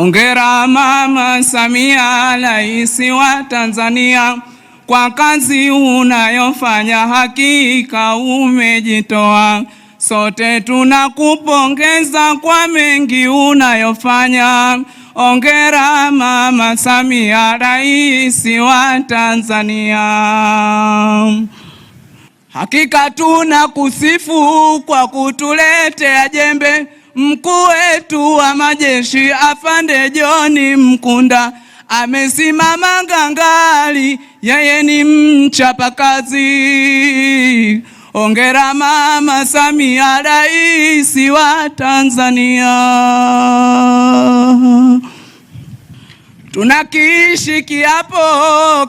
Ongera Mama Samia, rais wa Tanzania, kwa kazi unayofanya, hakika umejitoa. Sote tunakupongeza kwa mengi unayofanya. Ongera Mama Samia, rais wa Tanzania. Hakika tunakusifu kwa kutuletea jembe Mkuu wetu wa majeshi afande joni Mkunda amesimama ngangari, yeye ni mchapakazi. Ongera Mama Samia, rais wa Tanzania. Tunakiishi kiapo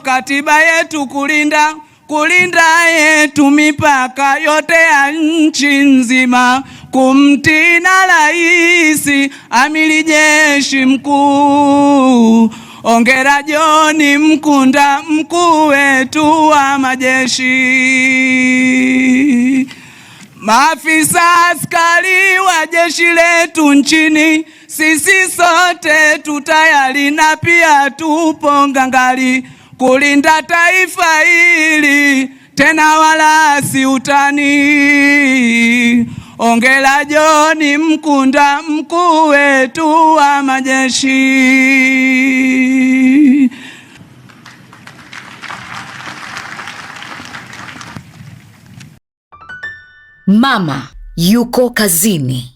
katiba yetu kulinda, kulinda yetu mipaka yote ya nchi nzima kumtii na rais, amiri jeshi mkuu. Ongera joni Mkunda, mkuu wetu wa majeshi. Maafisa askari wa jeshi letu nchini, sisi sote tutayari na pia tupo ngangari kulinda taifa hili, tena wala si utani. Ongela joni Mkunda, mkuu wetu wa majeshi. Mama yuko kazini.